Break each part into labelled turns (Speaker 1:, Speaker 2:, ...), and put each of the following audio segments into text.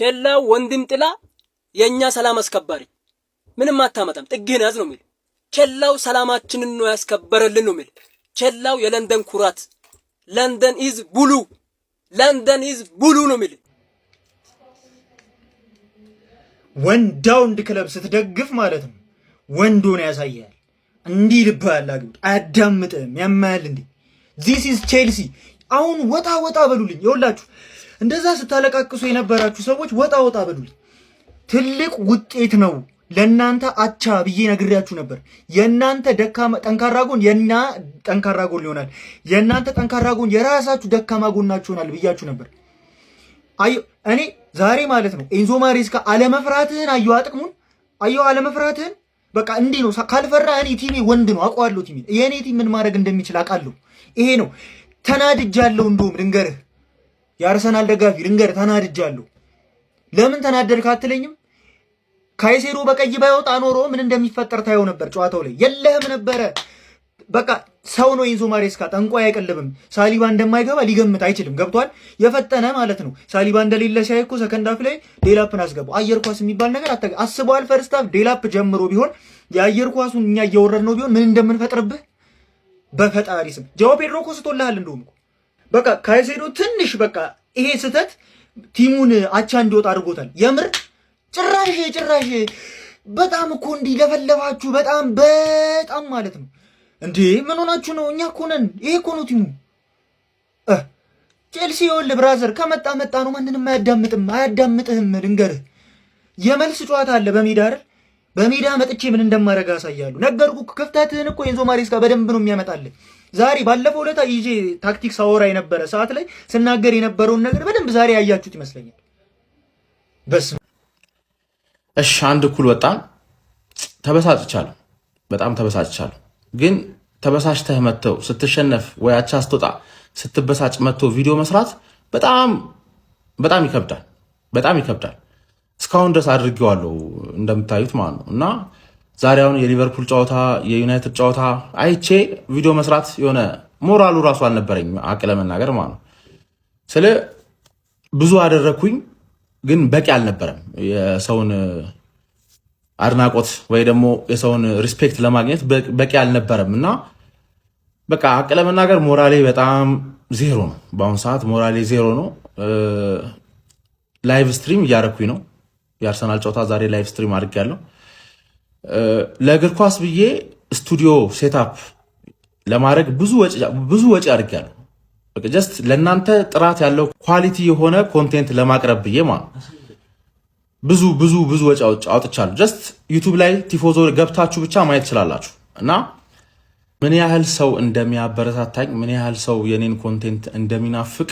Speaker 1: ኬላው ወንድም ጥላ የእኛ ሰላም አስከባሪ ምንም አታመጣም፣ ጥግህን ያዝ ነው የሚል ኬላው ሰላማችንን ነው ያስከበረልን ነው የሚል ኬላው የለንደን ኩራት ለንደን ኢዝ ቡሉ ለንደን ኢዝ ቡሉ ነው የሚል ወንዳውንድ ክለብ ስትደግፍ ማለት ነው ወንድ ያሳያል። እንዲህ ልብህ አላግብት አያዳምጥም። ያማያል እንዴ ዚስ ኢዝ ቼልሲ። አሁን ወጣ ወጣ በሉልኝ ይኸውላችሁ እንደዛ ስታለቃቅሱ የነበራችሁ ሰዎች ወጣ ወጣ በሉልኝ። ትልቅ ውጤት ነው ለእናንተ አቻ ብዬ ነግሬያችሁ ነበር። የእናንተ ደካማ ጠንካራ ጎን የና ጠንካራ ጎን ሊሆናል። የእናንተ ጠንካራ ጎን የራሳችሁ ደካማ ጎናችሁ ይሆናል ብያችሁ ነበር። አዩ እኔ ዛሬ ማለት ነው ኤንዞ ማሬስካ አለመፍራትህን አየሁ፣ አጥቅሙን አየሁ፣ አለመፍራትህን በቃ እንዲህ ነው። ካልፈራ እኔ ቲሜ ወንድ ነው አውቀዋለሁ። ቲሜ የእኔ ቲም ምን ማድረግ እንደሚችል አውቃለሁ። ይሄ ነው ተናድጃለሁ። እንደውም ልንገርህ የአርሰናል ደጋፊ ልንገር፣ ተናድጃለሁ። ለምን ተናደድክ አትለኝም? ካይሴሮ በቀይ ባይወጣ ኖሮ ምን እንደሚፈጠር ታየው ነበር። ጨዋታው ላይ የለህም ነበረ። በቃ ሰው ነው ኢንዞ ማሬስካ፣ ጠንቋይ አይቀልብም። ሳሊባ እንደማይገባ ሊገምት አይችልም። ገብቷል። የፈጠነ ማለት ነው። ሳሊባ እንደሌለ ሲያይ እኮ ሰከንድ ላይ ዴላፕን አስገባ አየር ኳስ የሚባል ነገር አታ አስበዋል። ፈርስታፍ ዴላፕ ጀምሮ ቢሆን የአየር ኳሱን እኛ እየወረድ ነው ቢሆን ምን እንደምንፈጥርብህ በፈጣሪ ስም ጃዋ ፔድሮ እኮ ስቶልሃል እንደውም በቃ ካይሴዶ ትንሽ በቃ ይሄ ስህተት ቲሙን አቻ እንዲወጣ አድርጎታል። የምር ጭራሽ ጭራሽ በጣም እኮ እንዲህ ለፈለፋችሁ በጣም በጣም ማለት ነው እንዴ! ምን ሆናችሁ ነው? እኛ እኮ ነን። ይሄ እኮ ነው ቲሙ ቼልሲ። ይኸውልህ ብራዘር ከመጣ መጣ ነው። ማንንም አያዳምጥም፣ አያዳምጥህም። ልንገርህ የመልስ ጨዋታ አለ በሜዳ አይደል? በሜዳ መጥቼ ምን እንደማደርግ አሳያለሁ። ነገርኩህ። ክፍተትህን እኮ ኤንዞ ማሬስካ በደንብ ነው የሚያመጣልህ። ዛሬ ባለፈው ዕለት ይዤ ታክቲክ ሳወራ የነበረ ሰዓት ላይ ስናገር የነበረውን ነገር በደንብ ዛሬ ያያችሁት ይመስለኛል። በስ እሺ፣ አንድ እኩል በጣም ተበሳጭቻለሁ፣ በጣም ተበሳጭቻለሁ። ግን ተበሳጭተህ መጥተው ስትሸነፍ ወይ አቻ ስትወጣ ስትበሳጭ መጥቶ ቪዲዮ መስራት በጣም በጣም ይከብዳል፣ በጣም ይከብዳል። እስካሁን ድረስ አድርጌዋለሁ እንደምታዩት ማለት ነው እና ዛሬውን የሊቨርፑል ጨዋታ የዩናይትድ ጨዋታ አይቼ ቪዲዮ መስራት የሆነ ሞራሉ ራሱ አልነበረኝ አቅ ለመናገር ማለት ነው። ስለ ብዙ አደረግኩኝ፣ ግን በቂ አልነበረም። የሰውን አድናቆት ወይ ደግሞ የሰውን ሪስፔክት ለማግኘት በቂ አልነበረም እና በቃ አቅ ለመናገር ሞራሌ በጣም ዜሮ ነው። በአሁኑ ሰዓት ሞራሌ ዜሮ ነው። ላይቭ ስትሪም እያረኩኝ ነው። የአርሰናል ጨዋታ ዛሬ ላይቭ ስትሪም አድርጌያለሁ። ለእግር ኳስ ብዬ ስቱዲዮ ሴታፕ ለማድረግ ብዙ ወጪ አድርጊያለሁ። ጀስት ለእናንተ ጥራት ያለው ኳሊቲ የሆነ ኮንቴንት ለማቅረብ ብዬ ማለት ብዙ ብዙ ብዙ ወጪ አውጥቻለሁ። ጀስት ዩቱብ ላይ ቲፎዞ ገብታችሁ ብቻ ማየት ትችላላችሁ። እና ምን ያህል ሰው እንደሚያበረታታኝ ምን ያህል ሰው የኔን ኮንቴንት እንደሚናፍቅ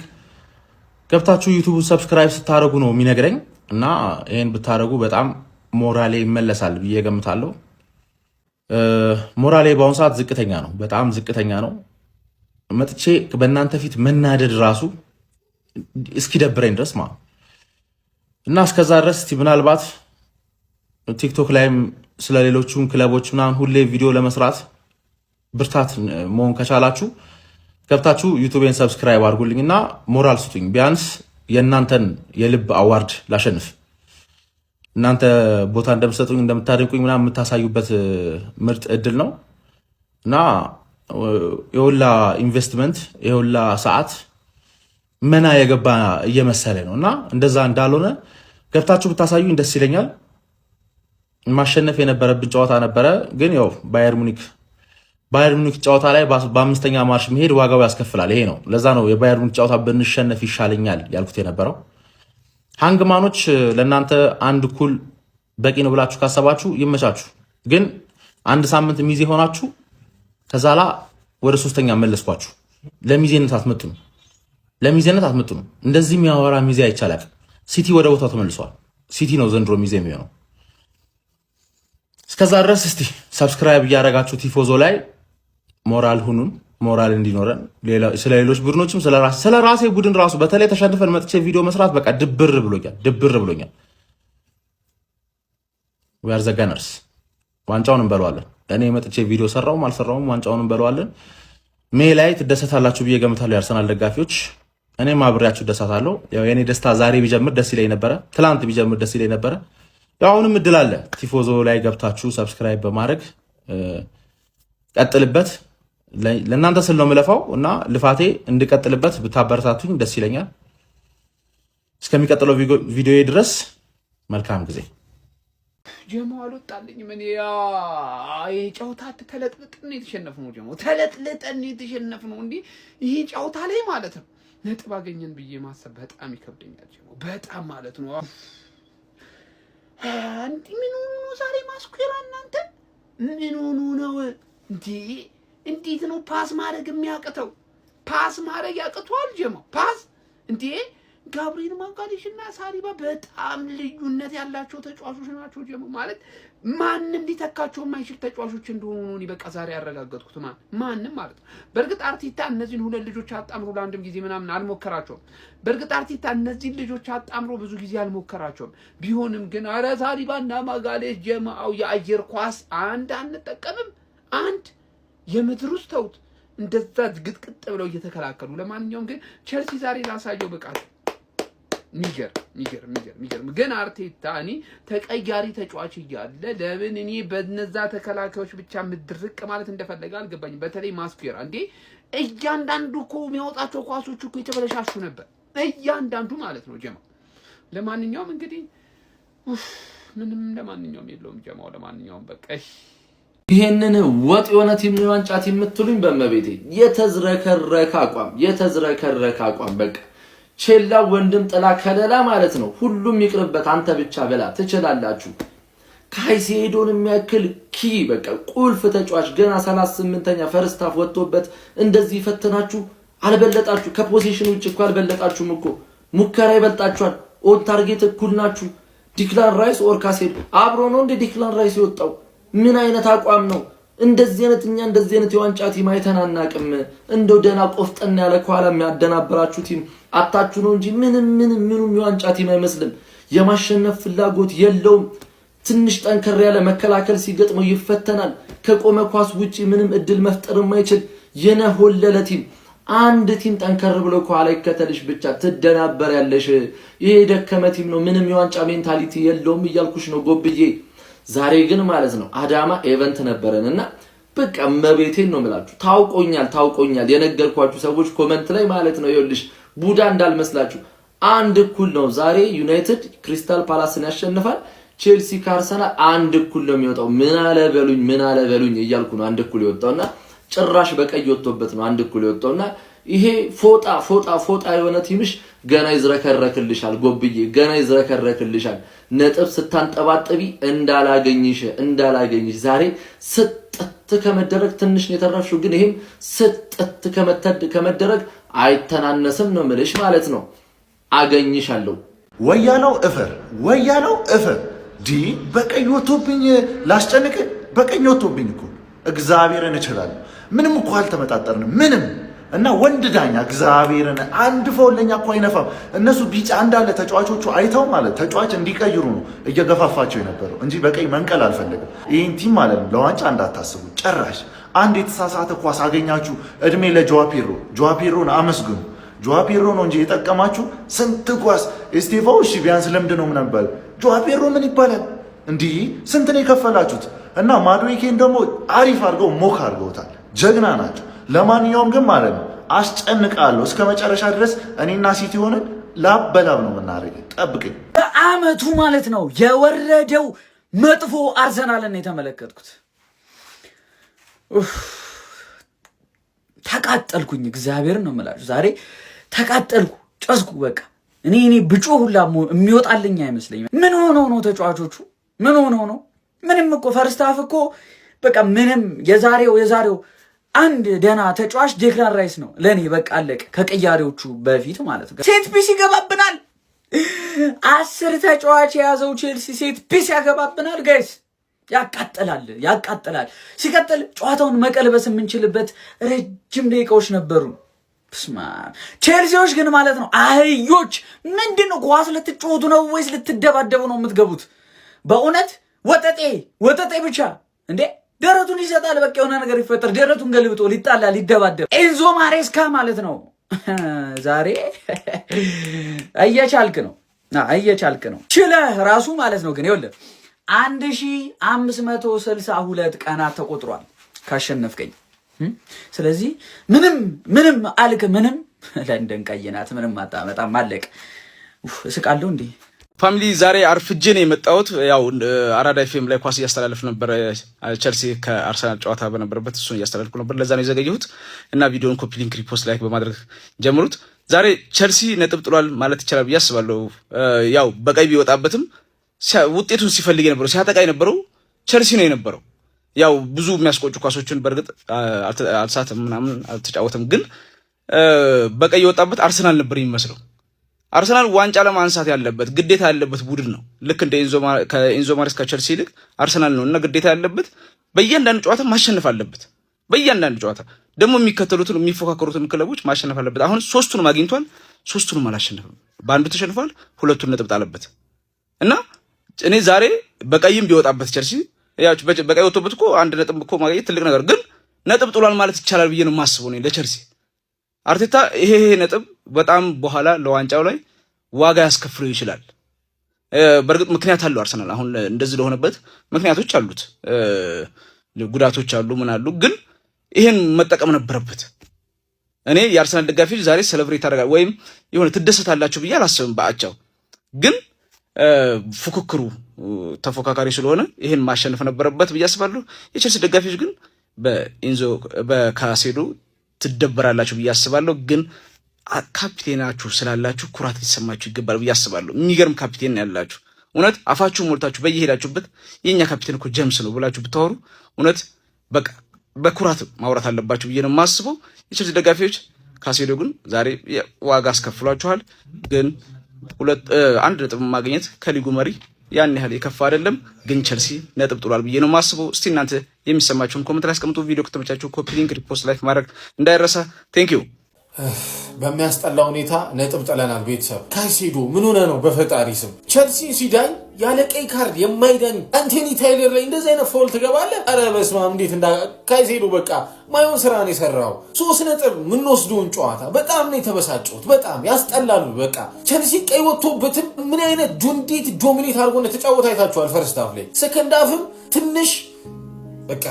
Speaker 1: ገብታችሁ ዩቱብ ሰብስክራይብ ስታደረጉ ነው የሚነግረኝ። እና ይህን ብታደረጉ በጣም ሞራሌ ይመለሳል ብዬ ገምታለሁ። ሞራሌ በአሁኑ ሰዓት ዝቅተኛ ነው፣ በጣም ዝቅተኛ ነው። መጥቼ በእናንተ ፊት መናደድ ራሱ እስኪደብረኝ ድረስ ማ እና እስከዛ ድረስ ምናልባት ቲክቶክ ላይም ስለ ሌሎቹም ክለቦች ምናምን ሁሌ ቪዲዮ ለመስራት ብርታት መሆን ከቻላችሁ ገብታችሁ ዩቱቤን ሰብስክራይብ አድርጉልኝ እና ሞራል ስጡኝ። ቢያንስ የእናንተን የልብ አዋርድ ላሸንፍ። እናንተ ቦታ እንደምትሰጡኝ እንደምታደንቁኝ ምናምን የምታሳዩበት ምርጥ እድል ነው እና የሁላ ኢንቨስትመንት የሁላ ሰዓት መና የገባ እየመሰለ ነው እና እንደዛ እንዳልሆነ ገብታችሁ ብታሳዩኝ ደስ ይለኛል። ማሸነፍ የነበረብን ጨዋታ ነበረ፣ ግን ያው ባየር ሙኒክ ባየር ሙኒክ ጨዋታ ላይ በአምስተኛ ማርሽ መሄድ ዋጋው ያስከፍላል። ይሄ ነው ለዛ ነው የባየር ሙኒክ ጨዋታ ብንሸነፍ ይሻለኛል ያልኩት የነበረው። ሃንግማኖች ለእናንተ አንድ ኩል በቂ ነው ብላችሁ ካሰባችሁ ይመቻችሁ። ግን አንድ ሳምንት ሚዜ ሆናችሁ ከዛላ ወደ ሶስተኛ መለስኳችሁ። ለሚዜነት አትመጥኑ፣ ለሚዜነት አትመጥኑ። እንደዚህ የሚያወራ ሚዜ አይቻላል። ሲቲ ወደ ቦታው ተመልሷል። ሲቲ ነው ዘንድሮ ሚዜ የሚሆነው። እስከዛ ድረስ እስቲ ሰብስክራይብ እያደረጋችሁ ቲፎዞ ላይ ሞራል ሁኑን። ሞራል እንዲኖረን ስለ ሌሎች ቡድኖችም ስለ ራሴ ቡድን ራሱ በተለይ ተሸንፈን መጥቼ ቪዲዮ መስራት በቃ ድብር ብሎኛል፣ ድብር ብሎኛል። ዊአር ዘ ጋነርስ ዋንጫውን እንበለዋለን። እኔ መጥቼ ቪዲዮ ሰራውም አልሰራውም ዋንጫውን እንበለዋለን። ሜ ላይ ትደሰታላችሁ ብዬ ገምታለሁ፣ የአርሰናል ደጋፊዎች። እኔም አብሬያችሁ እደሰታለሁ። ያው የኔ ደስታ ዛሬ ቢጀምር ደስ ይለኝ ነበረ፣ ትላንት ቢጀምር ደስ ይለኝ ነበረ። ያው አሁንም እድል አለ። ቲፎዞ ላይ ገብታችሁ ሰብስክራይብ በማድረግ ቀጥልበት። ለእናንተ ስል ነው የምለፋው እና ልፋቴ እንድቀጥልበት ብታበረታቱኝ ደስ ይለኛል። እስከሚቀጥለው ቪዲዮ ድረስ መልካም ጊዜ። ጀማ አልወጣልኝ። ምን ይሄ ጨዋታ ተለጥልጠን የተሸነፍ ነው። ጀማ ተለጥልጠን የተሸነፍ ነው። እንዲህ ይሄ ጨዋታ ላይ ማለት ነው ነጥብ አገኘን ብዬ ማሰብ በጣም ይከብደኛል። ጀማ በጣም ማለት ነው። እንዲህ ምን ሆኑ ነው ዛሬ ማስኩራ? እናንተ ምን ሆኑ ነው እንዲህ እንዴት ነው ፓስ ማድረግ የሚያቅተው? ፓስ ማድረግ ያቅቷል ጀማ ፓስ እንዴ! ጋብሪኤል ማጋሊሽ እና ሳሪባ በጣም ልዩነት ያላቸው ተጫዋቾች ናቸው። ጀማ ማለት ማንም ሊተካቸው የማይችል ተጫዋቾች እንደሆኑ እኔ በቃ ዛሬ ያረጋገጥኩት ማለት ማንም ማለት ነው። በእርግጥ አርቲታ እነዚህን ሁለት ልጆች አጣምሮ ለአንድም ጊዜ ምናምን አልሞከራቸውም። በእርግጥ አርቲታ እነዚህን ልጆች አጣምሮ ብዙ ጊዜ አልሞከራቸውም። ቢሆንም ግን አረ ሳሪባ እና ማጋሌሽ ጀማው የአየር ኳስ አንድ አንጠቀምም አንድ የምድር ውስጥ ተውት፣ እንደዛ ግጥቅጥ ብለው እየተከላከሉ። ለማንኛውም ግን ቸልሲ ዛሬ ላሳየው ብቃት ሚገር ሚገር ሚገር ሚገር ግን አርቴታ እኔ ተቀያሪ ተጫዋች እያለ ለምን እኔ በነዛ ተከላካዮች ብቻ ምድርቅ ማለት እንደፈለገ አልገባኝም። በተለይ ማስኩዌራ እንዴ እያንዳንዱ እኮ የሚያወጣቸው ኳሶች እኮ የተበለሻሹ ነበር፣ እያንዳንዱ ማለት ነው ጀማ። ለማንኛውም እንግዲህ ምንም ለማንኛውም የለውም ጀማው። ለማንኛውም በቃ ይሄንን ወጥ የሆነ ቲም ነው የምትሉኝ፣ በመቤቴ የተዝረከረከ አቋም የተዝረከረከ አቋም በቃ ቼላ ወንድም ጥላ ከለላ ማለት ነው። ሁሉም ይቅርበት አንተ ብቻ በላ ትችላላችሁ። ካይሴዶን የሚያክል ኪ በቃ ቁልፍ ተጫዋች ገና 38ኛ ፈርስት ወጥቶበት እንደዚህ ፈተናችሁ። አልበለጣችሁ ከፖዚሽን ውጭ እኮ አልበለጣችሁም እኮ ሙከራ ይበልጣችኋል። ኦን ታርጌት እኩል ናችሁ። ዲክላን ራይስ ኦር ካሴዶ አብሮ ነው እንደ ዲክላን ራይስ የወጣው ምን አይነት አቋም ነው? እንደዚህ አይነት እኛ እንደዚህ አይነት የዋንጫ ቲም አይተን አናቅም። እንደው ደህና ቆፍጠን ያለ ከኋላ የሚያደናብራችሁ ቲም አታችሁ ነው እንጂ ምንም ምንም ምኑም የዋንጫ ቲም አይመስልም። የማሸነፍ ፍላጎት የለውም። ትንሽ ጠንከር ያለ መከላከል ሲገጥመው ይፈተናል። ከቆመ ኳስ ውጪ ምንም እድል መፍጠር የማይችል የነሆለለ ቲም አንድ ቲም ጠንከር ብሎ ከኋላ ይከተልሽ ብቻ ትደናበር ያለሽ ይሄ ደከመ ቲም ነው። ምንም የዋንጫ ሜንታሊቲ የለውም እያልኩሽ ነው ጎብዬ ዛሬ ግን ማለት ነው አዳማ ኤቨንት ነበረን እና በቃ መቤቴን ነው የምላችሁ። ታውቆኛል ታውቆኛል የነገርኳችሁ ሰዎች ኮመንት ላይ ማለት ነው ይኸውልሽ፣ ቡዳ እንዳልመስላችሁ አንድ እኩል ነው። ዛሬ ዩናይትድ ክሪስታል ፓላስን ያሸንፋል፣ ቼልሲ ካርሰና አንድ እኩል ነው የሚወጣው። ምን አለ በሉኝ ምን አለ በሉኝ እያልኩ ነው አንድ እኩል የወጣውና ጭራሽ በቀይ ወጥቶበት ነው አንድ እኩል የወጣውና ይሄ ፎጣ ፎጣ ፎጣ የሆነ ቲምሽ ገና ይዝረከረክልሻል፣ ጎብዬ ገና ይዝረከረክልሻል። ነጥብ ስታንጠባጥቢ እንዳላገኝሽ እንዳላገኝሽ ዛሬ ስጥት ከመደረግ ትንሽ ነው የተረፍሽው፣ ግን ይሄም ስጥት ከመደረግ አይተናነስም ነው ምልሽ ማለት ነው። አገኝሻለሁ። ወያናው እፈር ወያናው እፈር ዲ በቀኝ ወቶብኝ ላስጨንቅ፣ በቀኝ ወቶብኝ እኮ እግዚአብሔርን እችላለሁ ምንም እኮ አልተመጣጠርንም። ምንም እና ወንድ ዳኛ እግዚአብሔርን አንድ ፎን ለኛ እኮ አይነፋም። እነሱ ቢጫ እንዳለ ተጫዋቾቹ አይተው ማለት ተጫዋች እንዲቀይሩ ነው እየገፋፋቸው የነበረው እንጂ በቀይ መንቀል አልፈለግም። ይህን ቲም ማለት ነው ለዋንጫ እንዳታስቡ ጨራሽ። አንድ የተሳሳተ ኳስ አገኛችሁ፣ እድሜ ለጆዋፔሮ ጆዋፔሮን አመስግኑ። ጆዋፔሮ ነው እንጂ የጠቀማችሁ ስንት ኳስ ኤስቴቫ እሺ ቢያንስ ልምድ ነው ነበር። ጆዋፔሮ ምን ይባላል እንዲህ ስንት ነው የከፈላችሁት? እና ማዱዌኬን ደግሞ አሪፍ አድርገው ሞክ አድርገውታል። ጀግና ናቸው። ለማንኛውም ግን ማለት ነው አስጨንቃለሁ እስከ መጨረሻ ድረስ እኔና ሲቲ ሆነን በላብ ነው የምናደርግ። ጠብቅኝ። በአመቱ ማለት ነው የወረደው መጥፎ አርሰናልን የተመለከትኩት ተቃጠልኩኝ። እግዚአብሔር ነው የምላችሁ ዛሬ ተቃጠልኩ፣ ጨስኩ። በቃ እኔ እኔ ብጮ ሁላ የሚወጣልኝ አይመስለኝም። ምን ሆነው ነው ተጫዋቾቹ? ምን ሆነው ነው? ምንም እኮ ፈርስታፍ እኮ በቃ ምንም የዛሬው የዛሬው አንድ ደህና ተጫዋች ዴክላን ራይስ ነው ለእኔ። በቃ አለቅ። ከቀያሪዎቹ በፊት ማለት ነው። ሴት ፒስ ይገባብናል። አስር ተጫዋች የያዘው ቼልሲ ሴት ፒስ ያገባብናል ጋይስ። ያቃጥላል፣ ያቃጥላል። ሲቀጥል ጨዋታውን መቀልበስ የምንችልበት ረጅም ደቂቃዎች ነበሩ። ስማ ቼልሲዎች ግን ማለት ነው አህዮች፣ ምንድን ነው ኳስ ልትጫወቱ ነው ወይስ ልትደባደቡ ነው የምትገቡት? በእውነት ወጠጤ ወጠጤ ብቻ እንዴ! ደረቱን ይሰጣል። በቃ የሆነ ነገር ይፈጠር፣ ደረቱን ገልብጦ ሊጣላ ሊደባደብ ኤንዞ ማሬስካ ማለት ነው። ዛሬ እየቻልክ ነው እየቻልክ ነው ችለህ ራሱ ማለት ነው። ግን ይኸውልህ አንድ ሺህ አምስት መቶ ስልሳ ሁለት ቀናት ተቆጥሯል ካሸነፍከኝ። ስለዚህ ምንም ምንም አልክ ምንም ለንደን ቀይናት ምንም አጣመጣም አለቅ። እስቃለሁ እንዴ ፋሚሊ ዛሬ አርፍጄ ነው የመጣሁት። ያው አራዳ ኤፍ ላይ ኳስ እያስተላለፍ ነበረ፣ ቸልሲ ከአርሰናል ጨዋታ በነበረበት እሱን እያስተላለፍኩ ነበር። ለዛ ነው የዘገየሁት እና ቪዲዮን ኮፒ ሊንክ፣ ሪፖስት፣ ላይክ በማድረግ ጀምሩት። ዛሬ ቸልሲ ነጥብ ጥሏል ማለት ይቻላል ብዬ አስባለሁ። ያው በቀይ ቢወጣበትም ውጤቱን ሲፈልግ የነበረው ሲያጠቃ የነበረው ቸልሲ ነው የነበረው። ያው ብዙ የሚያስቆጩ ኳሶችን በእርግጥ አልሳትም ምናምን አልተጫወተም፣ ግን በቀይ የወጣበት አርሰናል ነበር የሚመስለው አርሰናል ዋንጫ ለማንሳት ያለበት ግዴታ ያለበት ቡድን ነው። ልክ እንደ ኢንዞ ማሬስካ ከቸልሲ ይልቅ አርሰናል ነው እና ግዴታ ያለበት በእያንዳንዱ ጨዋታ ማሸነፍ አለበት። በእያንዳንዱ ጨዋታ ደግሞ የሚከተሉትን የሚፎካከሩትን ክለቦች ማሸነፍ አለበት። አሁን ሶስቱንም አግኝቷል፣ ሶስቱንም አላሸነፍም። በአንዱ ተሸንፏል፣ ሁለቱን ነጥብ ጣለበት እና እኔ ዛሬ በቀይም ቢወጣበት ቸልሲ በቀይ ወጥቶበት እኮ አንድ ነጥብ እኮ ማግኘት ትልቅ ነገር ግን ነጥብ ጥሏል ማለት ይቻላል ብዬ ነው የማስበው ለቸልሲ አርቴታ ይሄ ይሄ ነጥብ በጣም በኋላ ለዋንጫው ላይ ዋጋ ያስከፍለው ይችላል። በእርግጥ ምክንያት አለው። አርሰናል አሁን እንደዚህ ለሆነበት ምክንያቶች አሉት፣ ጉዳቶች አሉ፣ ምን አሉ። ግን ይሄን መጠቀም ነበረበት። እኔ የአርሰናል ደጋፊዎች ዛሬ ሴሌብሬት አደረጋ ወይም የሆነ ትደሰታላችሁ ብዬ አላስብም። በአቻው ግን ፉክክሩ ተፎካካሪ ስለሆነ ይህን ማሸነፍ ነበረበት ብዬ አስባለሁ። የቼልሲ ደጋፊዎች ግን በኢንዞ በካሴዶ ትደበራላችሁ ብዬ አስባለሁ። ግን ካፒቴናችሁ ስላላችሁ ኩራት ሊሰማችሁ ይገባል ብዬ አስባለሁ። የሚገርም ካፒቴን ያላችሁ እውነት አፋችሁ ሞልታችሁ በየሄዳችሁበት የእኛ ካፒቴን እኮ ጀምስ ነው ብላችሁ ብታወሩ እውነት በቃ በኩራት ማውራት አለባችሁ ብዬ ነው የማስበው። የቸልሲ ደጋፊዎች ካሴዶ ግን ዛሬ ዋጋ አስከፍሏችኋል። ግን አንድ ነጥብ ማግኘት ከሊጉ መሪ ያን ያህል የከፋ አይደለም፣ ግን ቸልሲ ነጥብ ጥሏል ብዬ ነው ማስበው። እስቲ እናንተ የሚሰማችሁን ኮመንት ላይ አስቀምጡ። ቪዲዮ ከተመቻችሁ ኮፒ ሊንክ፣ ሪፖስት፣ ላይክ ማድረግ እንዳይረሳ። ቴንክ ዩ በሚያስጠላ ሁኔታ ነጥብ ጥለናል። ቤተሰብ ካይሴዶ ምን ሆነ ነው? በፈጣሪ ስም ቸልሲን ሲዳኝ ያለ ቀይ ካርድ የማይዳኝ አንቴኒ ታይለር ላይ እንደዚህ አይነት ፎል ትገባለህ? ኧረ በስመ አብ! እንዴት እንዳ ካይሴዶ በቃ ማየውን ስራ ነው የሰራው። ሶስት ነጥብ የምንወስደውን ጨዋታ በጣም ነው የተበሳጨሁት። በጣም ያስጠላሉ። በቃ ቸልሲ ቀይ ወጥቶበትም ምን አይነት ዱንዴት ዶሚኔት አድርጎ እንደተጫወተ አይታችኋል። ፈርስት ሀፍ ላይ፣ ሰከንድ ሀፍም ትንሽ በቃ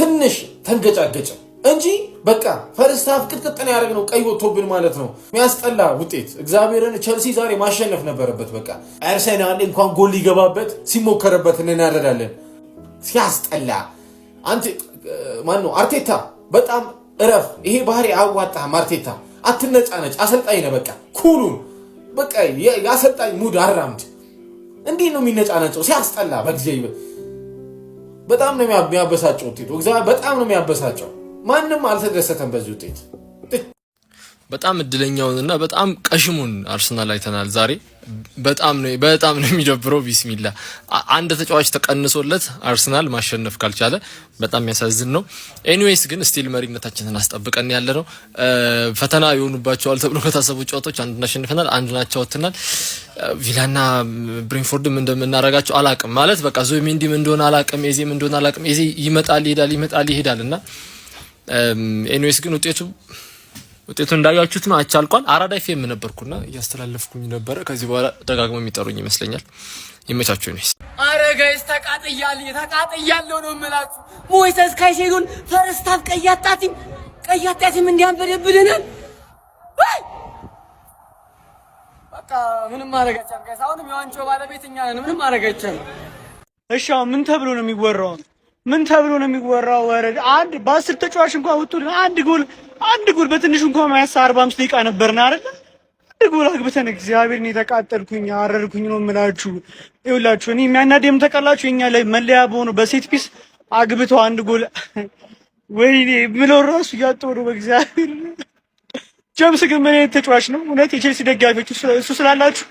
Speaker 1: ትንሽ ተንገጫገጭም እንጂ በቃ ፈርስት ሀፍ ቅጥቅጥ ነው ያደረግነው፣ ቀይ ወጥቶብን ማለት ነው። የሚያስጠላ ውጤት። እግዚአብሔርን ቸልሲ ዛሬ ማሸነፍ ነበረበት። በቃ አርሰናል እንኳን ጎል ሊገባበት ሲሞከረበት እናደዳለን። ሲያስጠላ አንተ ማን ነው አርቴታ፣ በጣም እረፍ። ይሄ ባህሪ አያዋጣህም አርቴታ። አትነጫነጭ፣ አሰልጣኝ ነህ። በቃ ኩሉን በቃ የአሰልጣኝ ሙድ አራምድ። እንዲህ ነው የሚነጫነጨው። ሲያስጠላ በጊዜ በጣም ነው የሚያበሳጨው ውጤቱ። በጣም ነው የሚያበሳጨው። ማንም አልተደሰተም በዚህ ውጤት። በጣም እድለኛውንና በጣም ቀሽሙን አርሰናል አይተናል ዛሬ። በጣም ነው በጣም ነው የሚደብረው። ቢስሚላ አንድ ተጫዋች ተቀንሶለት አርሰናል ማሸነፍ ካልቻለ በጣም የሚያሳዝን ነው። ኤኒዌይስ ግን ስቲል መሪነታችንን አስጠብቀን ያለ ነው። ፈተና የሆኑባቸዋል ተብሎ ከታሰቡ ጨዋታዎች አንዱን አሸንፈናል፣ አንዱን አቻ ወጥተናል። ቪላና ብሬንፎርድም እንደምናረጋቸው አላቅም ማለት በቃ ዙቢሜንዲም እንደሆነ አላቅም፣ ኤዜም እንደሆነ አላቅም። ኤዜ ይመጣል ይሄዳል፣ ይመጣል ይሄዳል እና ኤኒዌይስ ግን ውጤቱ ውጤቱ እንዳያችሁት ነው። አቻ አራዳ ፌም ነበርኩና እያስተላለፍኩኝ ነበረ። ከዚህ በኋላ ደጋግመው የሚጠሩኝ ይመስለኛል። ይመቻችሁ። ነው። አረ ጋይስ ተቃጥያል፣ ተቃጥያለሁ ነው የምላችሁ። ሞይሰስ ካይሴዶን ፈረስታፍ ቀያጣቲም ቀያጣቲም እንዲያንበደብልናል። በቃ ምንም ማድረግ ጋይስ። አሁንም የዋንጫው ባለቤት እኛ ነን። ምንም ማድረግ አይቻልም። እሺ ምን ተብሎ ነው የሚወራው? ምን ተብሎ ነው የሚወራው? ወረድ አንድ በአስር ተጫዋች እንኳን ወጥቶ አንድ ጎል አንድ ጎል በትንሹ እንኳን ማያሳ 45 ደቂቃ ነበርና አይደል? አንድ ጎል አግብተን እግዚአብሔርን የተቃጠልኩኝ አረርኩኝ ነው የምላችሁ። ይኸውላችሁ እኔ የሚያናደም ተቀላችሁ የኛ ላይ መለያ በሆነው በሴት ፒስ አግብቶ አንድ ጎል ወይኔ ምለው ራሱ እያጠሩ በእግዚአብሔር። ጀምስ ግን ምን አይነት ተጫዋች ነው? እውነት የቼልሲ ደጋፊዎች እሱ ስላላችሁ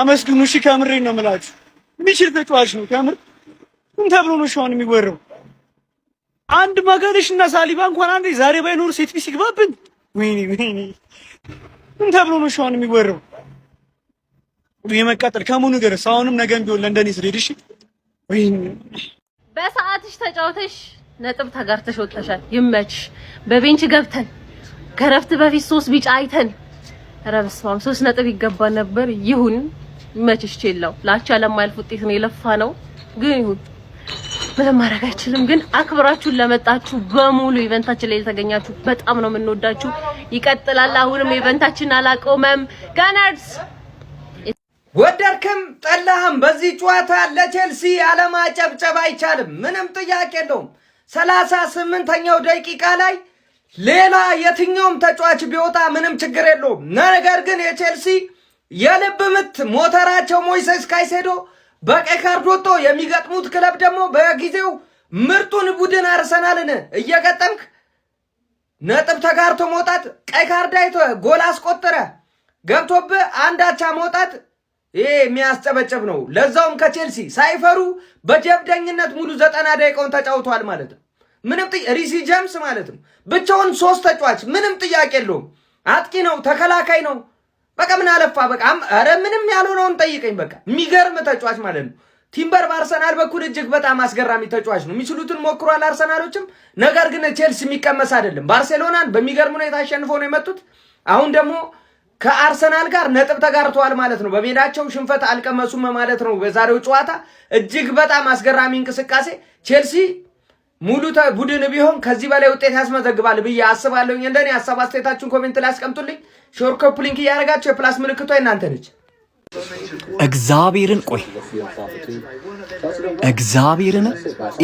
Speaker 1: አመስግኑ። እሺ ከምሬ ነው የምላችሁ። የሚችል ተጫዋች ነው ከምር ምን ተብሎ ነው ሻውን የሚወራው? አንድ መገደሽ እና ሳሊባ እንኳን አንዴ ዛሬ ባይኖር ሴት ቢስ ይግባብን። ወይኔ ወይኔ፣ ምን ተብሎ ነው አሁን የሚወራው? የመቃጠል ከሙ ገረስ አሁንም ነገም ቢሆን ለእንደኔ ስሬድ እሺ።
Speaker 2: በሰዓትሽ ተጫውተሽ ነጥብ ተጋርተሽ ወጥተሻል። ይመችሽ። በቤንች ገብተን ከረፍት በፊት ሶስት ቢጫ አይተን ረብስማም ሶስት ነጥብ ይገባ ነበር። ይሁን ይመችሽ። ቼላው ላቻ ለማያልፍ ውጤት ነው የለፋ ነው ግን ይሁን ምንም ማድረግ አይችልም። ግን አክብራችሁን ለመጣችሁ በሙሉ ኢቨንታችን ላይ የተገኛችሁ በጣም ነው የምንወዳችሁ። ይቀጥላል። አሁንም ኢቨንታችን አላቆመም። ጋናርስ
Speaker 1: ወደድክም ጠላህም በዚህ ጨዋታ ለቼልሲ አለማጨብጨብ አይቻልም። ምንም ጥያቄ የለውም። ሰላሳ ስምንተኛው ደቂቃ ላይ ሌላ የትኛውም ተጫዋች ቢወጣ ምንም ችግር የለውም። ነገር ግን የቼልሲ የልብ ምት ሞተራቸው ሞይሴስ ካይሴዶ በቀይ ካርድ ወጥቶ የሚገጥሙት ክለብ ደግሞ በጊዜው ምርጡን ቡድን አርሰናልን እየገጠምክ ነጥብ ተጋርቶ መውጣት፣ ቀይ ካርድ አይቶ ጎል አስቆጠረ ገብቶብህ አንዳቻ መውጣት ይሄ የሚያስጨበጭብ ነው። ለዛውም ከቼልሲ ሳይፈሩ በጀብደኝነት ሙሉ ዘጠና ደቂቃውን ተጫውቷል ማለት ነው። ምንም ሪሲ ጀምስ ማለት ነው ብቻውን ሶስት ተጫዋች ምንም ጥያቄ የለውም። አጥቂ ነው፣ ተከላካይ ነው በቃ ምን አለፋ በቃ ኧረ ምንም ያልሆነውን ጠይቀኝ። በቃ የሚገርም ተጫዋች ማለት ነው። ቲምበር በአርሰናል በኩል እጅግ በጣም አስገራሚ ተጫዋች ነው። የሚችሉትን ሞክሯል አርሰናሎችም። ነገር ግን ቼልሲ የሚቀመስ አይደለም። ባርሴሎናን በሚገርም ሁኔታ አሸንፈው ነው የመጡት። አሁን ደግሞ ከአርሰናል ጋር ነጥብ ተጋርተዋል ማለት ነው። በሜዳቸው ሽንፈት አልቀመሱም ማለት ነው። በዛሬው ጨዋታ እጅግ በጣም አስገራሚ እንቅስቃሴ ቼልሲ ሙሉ ቡድን ቢሆን ከዚህ በላይ ውጤት ያስመዘግባል ብዬ አስባለሁኝ። እንደኔ ሀሳብ አስተያየታችሁን ኮሜንት ላይ አስቀምጡልኝ። ሾርኮፕ ሊንክ እያደረጋችሁ የፕላስ ምልክቷ እናንተ ነች። እግዚአብሔርን ቆይ እግዚአብሔርን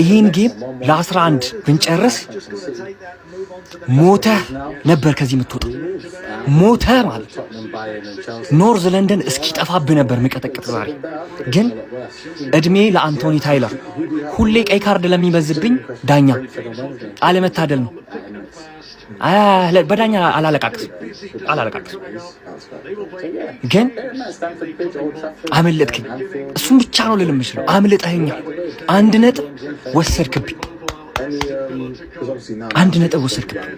Speaker 1: ይህን ጌም ለ11 ብንጨርስ ሞተ ነበር። ከዚህ የምትወጣው ሞተ ማለት ኖርዝ ለንደን እስኪጠፋብህ ነበር የሚቀጠቅጥ። ዛሬ ግን እድሜ ለአንቶኒ ታይለር፣ ሁሌ ቀይ ካርድ ለሚበዝብኝ ዳኛ አለመታደል ነው። በዳኛ አላለቃቅስ አላለቃቅስ፣ ግን አመለጥክኝ። እሱም ብቻ ነው ልል የምችለው። አምልጠኛ አንድ ነጥብ ወሰድክብኝ። አንድ ነጥብ ወሰድክብኝ።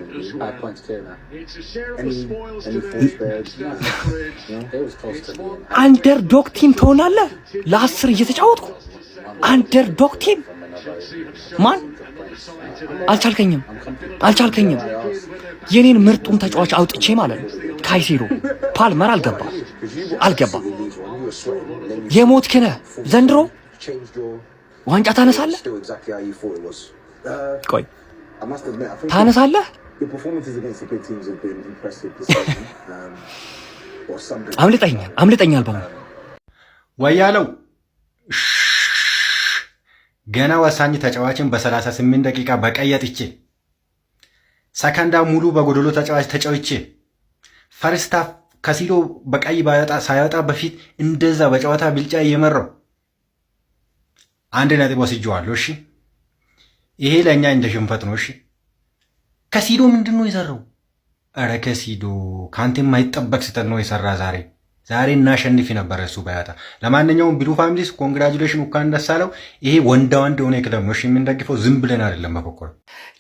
Speaker 1: አንደርዶግ ቲም ትሆናለህ። ለአስር እየተጫወትኩ አንደርዶግ ቲም ማን አልቻልከኝም አልቻልከኝም የኔን ምርጡን ተጫዋች አውጥቼ ማለት ነው። ካይሴዶ ፓልመር አልገባ አልገባ የሞት ክነ ዘንድሮ ዋንጫ ታነሳለህ። ቆይ ታነሳለህ። አምልጠኛል አምልጠኛል። በሙ ወያለው ገና ወሳኝ ተጫዋችን በ38 ደቂቃ በቀየጥቼ ሰከንዳ ሙሉ በጎደሎ ተጫዋች ተጫውቼ ፈርስታ ከሲዶ በቀይ ሳይወጣ በፊት እንደዛ በጨዋታ ብልጫ እየመራው አንድ ነጥብ ወስጄዋለሁ። እሺ ይሄ ለእኛ እንደ ሽንፈት ነው። እሺ ከሲዶ ምንድን ነው የሰራው? ኧረ ከሲዶ ከአንተ የማይጠበቅ ስህተት ነው የሰራ ዛሬ ዛሬ እናሸንፍ ነበር እሱ በያታ። ለማንኛውም ቢሉ ፋሚሊስ ኮንግራጁሌሽን እንኳን ደስ አለው። ይሄ ወንዳ ወንድ የሆነ ክለብ ነው የምንደግፈው፣ ዝም ብለን አይደለም። መፈኮር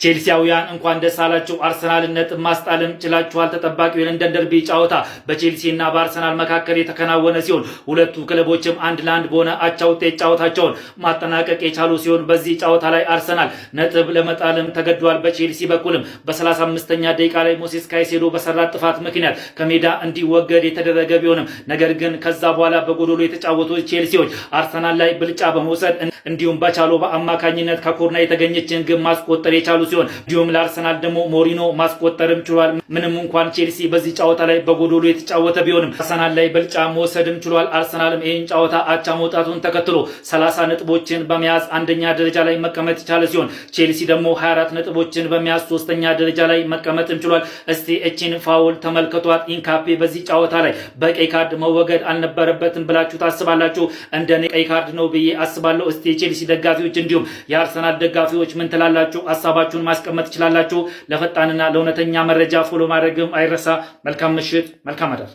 Speaker 1: ቼልሲያውያን እንኳን ደስ አላችሁ። አርሰናል ነጥብ ማስጣልም ችላችኋል። ተጠባቂው የለንደን ደርቢ ጨዋታ በቼልሲና በአርሰናል መካከል የተከናወነ ሲሆን ሁለቱ ክለቦችም አንድ ለአንድ በሆነ አቻ ውጤት ጨዋታቸውን ማጠናቀቅ የቻሉ ሲሆን በዚህ ጨዋታ ላይ አርሰናል ነጥብ ለመጣልም ተገዷል። በቼልሲ በኩልም በ35ኛ ደቂቃ ላይ ሞሴስ ካይሴዶ በሰራት ጥፋት ምክንያት ከሜዳ እንዲወገድ የተደረገ ቢሆንም ነገር ግን ከዛ በኋላ በጎዶሎ የተጫወቱት ቼልሲዎች አርሰናል ላይ ብልጫ በመውሰድ እንዲሁም በቻሎ በአማካኝነት ከኮርና የተገኘችን ግብ ማስቆጠር የቻሉ ሲሆን እንዲሁም ለአርሰናል ደግሞ ሞሪኖ ማስቆጠርም ችሏል። ምንም እንኳን ቼልሲ በዚህ ጨዋታ ላይ በጎዶሎ የተጫወተ ቢሆንም አርሰናል ላይ ብልጫ መውሰድም ችሏል። አርሰናልም ይህን ጨዋታ አቻ መውጣቱን ተከትሎ 30 ነጥቦችን በመያዝ አንደኛ ደረጃ ላይ መቀመጥ የቻለ ሲሆን ቼልሲ ደግሞ 24 ነጥቦችን በመያዝ ሶስተኛ ደረጃ ላይ መቀመጥም ችሏል። እስቲ እቺን ፋውል ተመልክቷት ኢንካፔ በዚህ ጨዋታ ላይ በቀይ ካርድ መወገድ አልነበረበትም ብላችሁ ታስባላችሁ? እንደኔ ቀይ ካርድ ነው ብዬ አስባለሁ። እስቲ የቼልሲ ደጋፊዎች እንዲሁም የአርሰናል ደጋፊዎች ምን ትላላችሁ? ሀሳባችሁን ማስቀመጥ ትችላላችሁ። ለፈጣንና ለእውነተኛ መረጃ ፎሎ ማድረግም አይረሳ። መልካም ምሽት፣ መልካም አዳር።